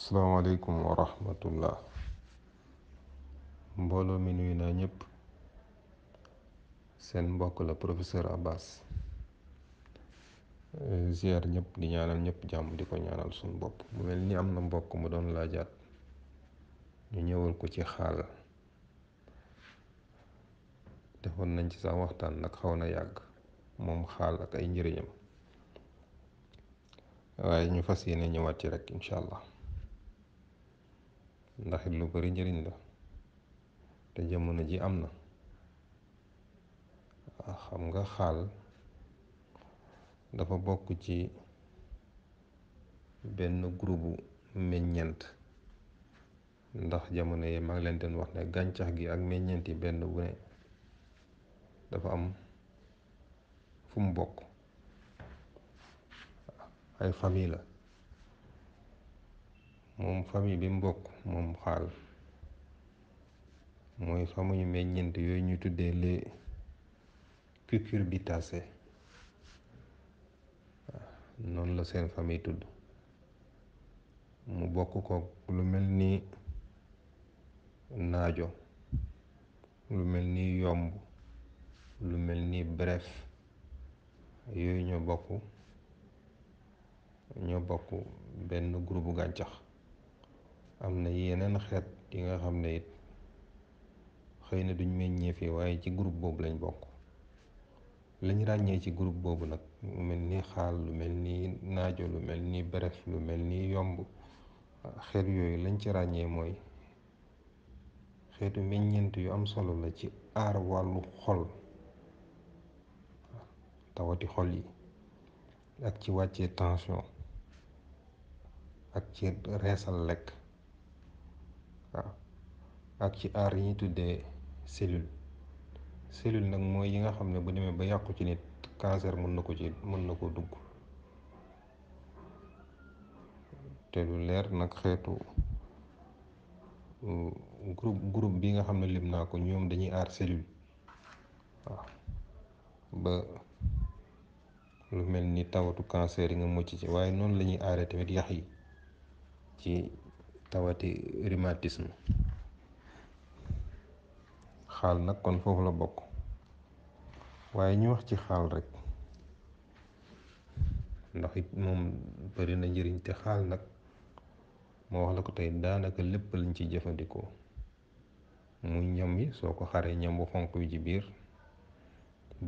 salaamaaleykum wa rahmatullah mbooloo mi nuyu naa ñëpp seen mbokk la professeur Abbas ziar ñëpp di ñaanal ñëpp jàmm di ko ñaanal suñu bopp mu mel ni am na mbokk mu doon laajaat ñu ñëwal ko ci xaal defoon nañ ci sax waxtaan nag xaw na yàgg moom xaal ak ay njëriñam waaye ñu fas yéene ñëwaat ci rek incha allah ndax lu bari njëriñ la te jamono ji am na ah, xam nga xaal dafa bokk ci benn gurubu meññent ndax jamono yi mag leen doon wax ne gàncax gi ak meññent benn bu ne dafa am fu mu bokk ay famille la moom famille bi mu bokk moom xaal mooy xamuñu meññeent yooyu ñu tuddee les cucurbitacées noonu la seen famille tudd mu bokk ko lu mel ni naajo lu mel ni yomb lu mel ni bref yooyu ñoo bokk ñoo bokk benn groupe gàncax am na yeneen xeet yi nga xam ne it xëy na duñ meññee fii waaye ci groupe boobu lañ bokk lañ ràññee ci groupe boobu nag lu mel ni xaal lu mel nii naajo lu mel ni beref lu mel nii yomb xeet yooyu lañ ci ràññee mooy xeetu meññeent yu am solo la ci aar wàllu xol tawati xol yi ak ci wàcce tension ak ci reesal lekk waaw ak ci aar yi ñuy tuddee cellule cellule nag mooy yi nga xam ne bu demee ba yàqu ci nit cancer mën na ko ci mën na koo dugg te lu leer nag xeetu mm, groupe groupe bi nga xam ne lim naa ko ñoom dañuy aar cellule waaw ba lu mel ni tawatu cancer yi nga mucc ci waaye noonu lañuy ñuy aaree tamit yax yi ci tawati rhumatisme xaal nag kon foofu la bokk waaye ñu wax ci xaal rek ndax it moom bari na njëriñ te xaal nag moo wax la ko tey daanaka lépp lañ ci jëfandikoo mu ñam yi soo ko xaree ñam bu xonq bi ci biir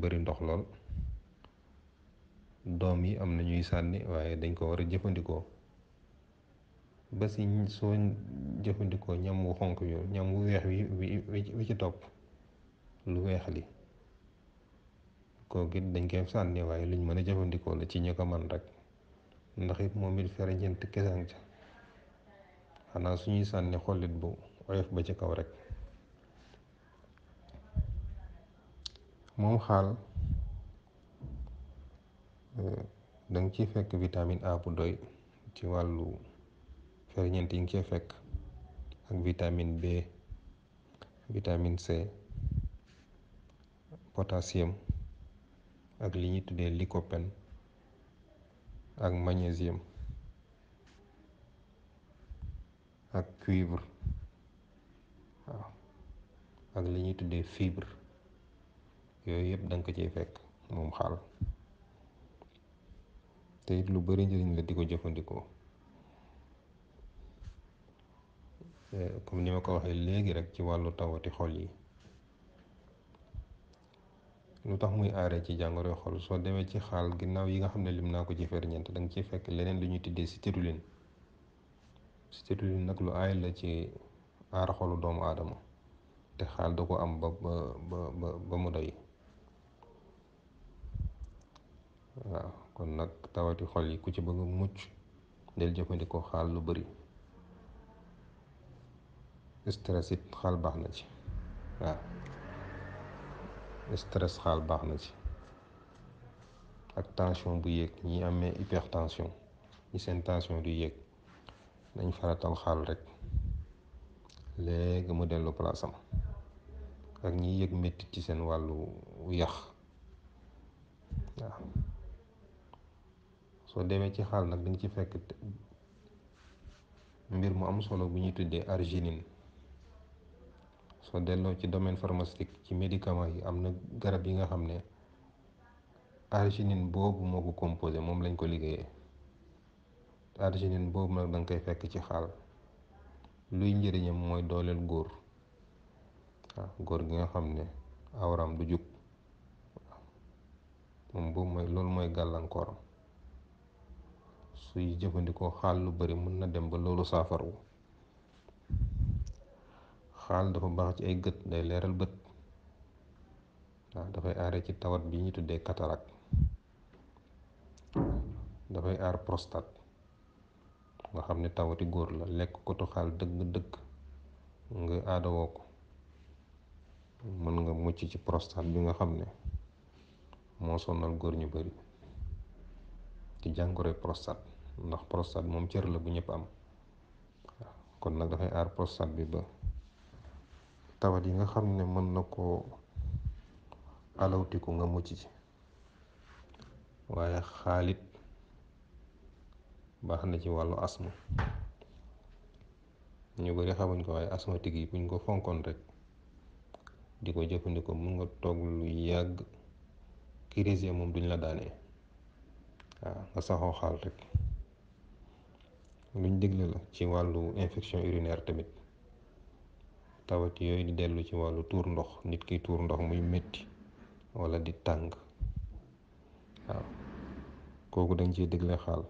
bari ndox lool doom yi am na ñuy sànni waaye dañ ko war a jëfandikoo ba si soo jëfandikoo ñam wu xonq wi ñam wu weex wi wi ci topp lu weex li kooku dañ koy sànni waaye luñ mën a jëfandikoo la ci ñu man rek ndax it moom it fereñeent kesang ca xanaa suñuy sànni xolit bu oyof ba ci kaw rek moom xaal euh, danga ciy fekk vitamine A bu doy ci wàllu ñeent yi nga cee fekk ak vitamine B vitamine C potassium ak li ñuy tuddee lycopène ak magnésium ak cuivre waaw ak li ñuy tuddee fibre yooyu yëpp da nga ko ciy fekk moom xaal te it lu bari njëriñ la di ko jëfandikoo. Eh, comme ni ma ko waxee léegi rek ci wàllu tawati xol yi lu tax muy aaree ci jàngoroy xol soo demee ci xaal ginnaaw yi nga xam ne lim naa ko ci ferñeent da nga ciy fekk leneen lu ñuy tuddee citrulline citrulline nag lu aay la ci aar xolu doomu aadama te xaal da ko am ba ba ba mu doy waaw kon nag tawati xol yi ku ci bëgg mucc del jëfandikoo xaal lu bari stress it xaal baax na ci waaw stress xaal baax na ci ak tension bu yéeg ñi amee hypertension ñi seen tension du yéeg nañ faratal xaal rek léegi mu dellu place ak ñi yéeg métti ci seen wàllu yax waaw soo demee ci xaal nag dañ ci fekk mbir mu am solo bu ñuy tuddee arginine soo delloo ci domaine pharmaceutique ci médicament yi am na garab yi nga xam ne arginine boobu moo ko composé moom lañ ko liggéeyee arginine boobu nag da koy fekk ci xaal luy njëriñam mooy dooleel góor góor gi nga xam ne awram du jub moom boobu mooy loolu mooy gàllankooram suy jëfandikoo xaal lu bari mën na dem ba loolu saafaru faal dafa baax ci ay gët day leeral bët waaw dafay aare ci tawat bi ñu tuddee cataracte dafay aar prostate nga xam ne tawati góor la lekk ko tuxaal dëgg-dëgg nga aadawoo ko mën nga mucc ci prostate bi nga xam ne moo sonal góor ñu bari ci jàngoroy prostate ndax prostate moom cër la bu ñëpp am kon nag dafay aar prostate bi ba tawat yi nga xam ne mën na koo alawtiku nga mucc ci waaye xaalit baax na ci wàllu asma ñu bari xamuñ ko waaye asmatique yi buñ ko fonkoon rek di ko jëfandikoo mun nga toog lu yàgg kirise moom duñ la daanee waaw nga saxoo xaal rek luñ digle la ci wàllu infection urinaire tamit tawat yooyu di dellu ci wàllu tuur ndox nit kiy tuur ndox muy métti wala di tàng waaw kooku dañ ciy digle xaal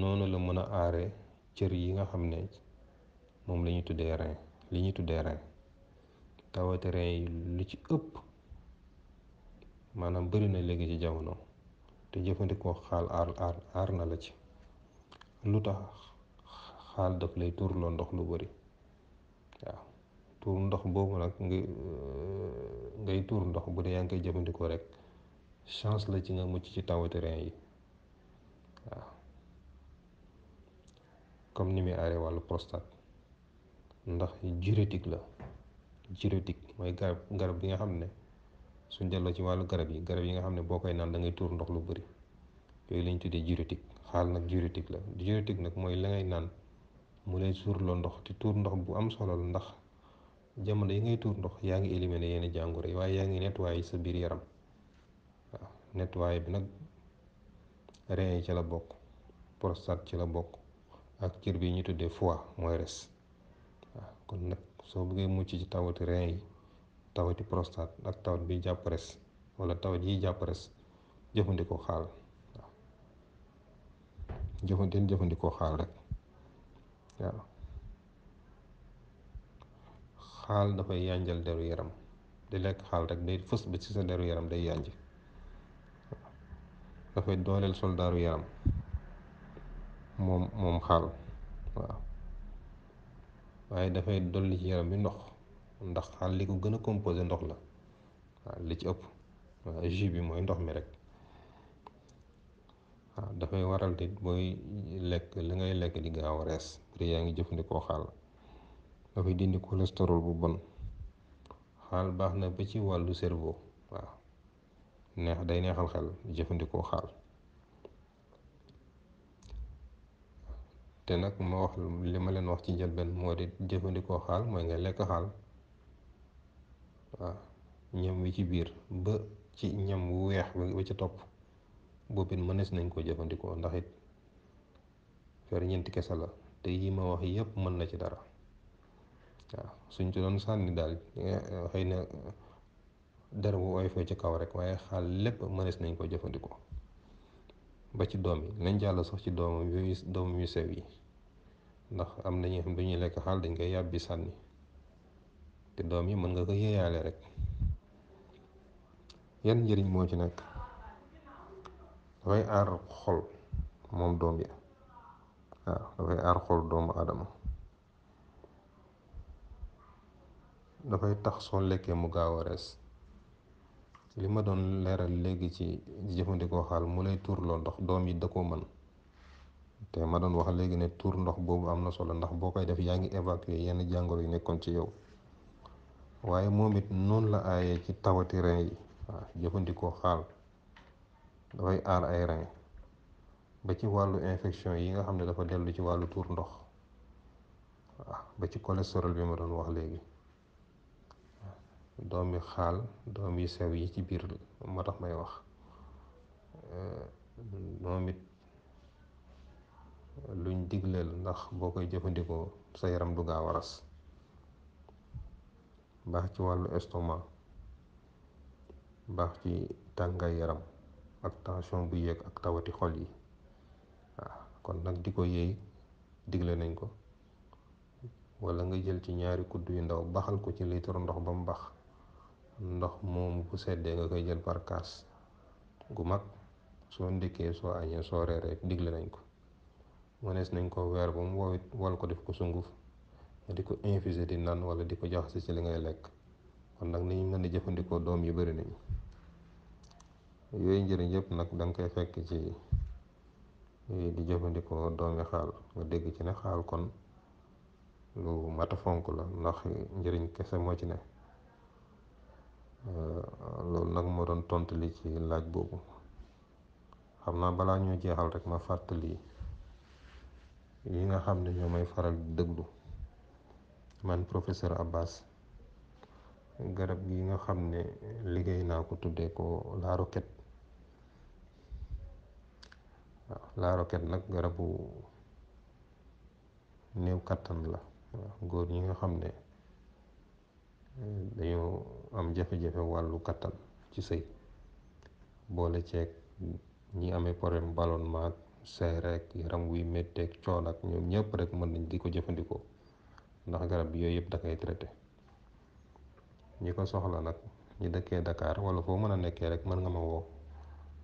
noonu la mën a aare cër yi nga xam ne moom la tuddee rein li ñu tuddee rein tawati rein lu ci ëpp maanaam bari na léegi ci jamono te jëfandikoo xaal aar aar na la ci lu tax xaal daf lay tuurloo ndox lu bari waaw tuur ndox boobu nag nga euh, ngay tuur ndox bu dee yaa ngi jëfandikoo rek chance la ci nga mucc ci taw terrain yi waaw comme ni muy aare wàllu prostate ndax diurétique la diurétique mooy garab garab bi nga xam ne suñ delloo ci wàllu garab yi garab yi nga xam ne boo koy naan da ngay tuur ndox lu bëri yooyu lañ tuddee diurétique xaal nag diurétique la diurétique nag mooy la ngay naan mu lay tuurloo ndox te tuur ndox bu am solo ndax jamono yi ngay tuur ndox yaa ngi éliminer yenn jàngoro yi waaye yaa ngi nettoyer sa biir yaram waaw nettoyer bi nag rein yi ci la bokk prostate ci la bokk ak cër bi ñu tuddee fois mooy res waaw kon nag soo buggee mucc ci tawati rein yi tawati prostate ak tawat bi jàpp res wala tawat yi jàpp jëfandikoo xaal waaw jëfandikoo xaal rek. waaw xaal dafay yànjal deru yaram di lekk xaal rek day fës ba ci sa deru yaram day yànj dafay dooleel soldaaru yaram moom moom xaal waaw waaye dafay dolli ci yaram bi ndox ndax xaal li ko gën a composé ndox la waaw li ci ëpp waaw jus bi mooy ndox mi rek dafay waral te booy lekk li ngay lekk di gaaw a rees te yaa ngi jëfandikoo xaal dafay dindi cholestérol bu bon xaal baax na ba ci wàllu serbo waaw neex day neexal xel jëfandikoo xaal te nag ma wax li ma leen wax ci njëlbeen moo di jëfandikoo xaal mooy nga lekk xaal waaw ñam wi ci biir ba ci ñam wu weex ba ci topp boobu mënees nañ koo jëfandikoo ndax it ferñeenti kese la te yi ma wax yépp mën na ci dara waaw suñ ci doon sànni daal eh, xëy na dara bu ci kaw rek waaye xaal lépp mënees nañ ko jëfandikoo ba ci doom yi nañ jàll sax ci doom yooyu doom yu sew yi ndax am na ñoo xam bu ñuy lekk xaal dañ koy yàbbi sànni te doom yi mën nga ko yéeyaale rek yan njëriñ moo ci nekk dafay aar xol moom doom yi waaw dafay aar xol doomu aadama dafay tax soo lekkee mu gaaw a rees li ma doon leeral léegi ci jëfandikoo xaal mu lay tuurloo ndox doom yi da koo mën te ma doon wax léegi ne tuur ndox boobu am na solo ndax boo koy def yaa ngi évacuer yenn jàngoro yi nekkoon ci yow waaye moom it noonu la aayee ci tawati reen yi jëfandikoo xaal dafay aar ay rein ba ci wàllu infection yi nga xam ne dafa dellu ci wàllu tuur ndox waaw ba ci cholestérol bi ma doon wax léegi doomi xaal doom yu sew yi ci biir moo tax may wax eh, moom it luñ digleel ndax boo koy jëfandikoo sa yaram du gaaw a baax ci wàllu estomac baax ci tàngaay yaram ak tension bu yéeg ak tawati xol yi waaw kon nag di ko yéey digle nañ ko wala nga jël ci ñaari kudd yu ndaw baxal ko ci litre ndox ba mu bax ndox moom bu seddee nga koy jël par gu mag soo ndékkee soo añee soo reeree digle nañ ko mënees nañ ko weer ba mu wowit wal ko def ko sunguf nga di ko infuser di nan wala di ko jaxase ci li ngay lekk kon nag ni ñu mën a jëfandikoo doom yu bari nañu yooyu njëriñ yëpp nag da nga koy fekk ci eh, di jëfandikoo doomi xaal nga dégg ci ne xaal kon lu mata fonk la ndax njëriñ kese moo ci ne eh, loolu nag moo doon tontu li ci laaj boobu xam naa balaa ñoo jeexal rek ma fàttali yi nga xam ne ñoo may faral di déglu man professeur Abbas garab gi nga xam ne liggéey naa ko tuddee ko la roquette waaw la nag garabu néew kattan la góor ñi nga xam ne eh, dañoo am jafe-jafe wàllu kattan ci sëy boole ceeg ñi amee problème ballonnement ak say rek yaram wuy métteeg coon ak ñoom ñëpp rek mën nañ di ko jëfandikoo ndax garab bi yooyu yëpp da koy traité ñi ko soxla nag ñi dëkkee dakaar wala foo mën a nekkee rek mën nga ma woo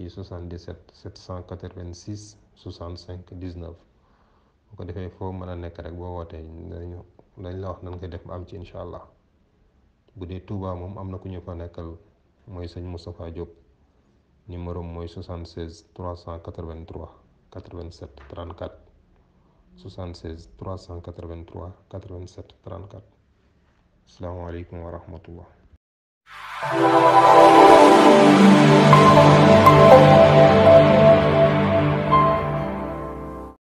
ci 77 786 65 19 bu ko defee foo mën a nekk rek boo wootee dañu lañ la wax nan nga def ba am ci incha allah bu dee Touba moom am na ku ñu fa nekkal mooy sëñ Moustapha Diop numéro mooy 76 383 87 34 76 383 87 34 asalaamaaleykum wa rahmatullah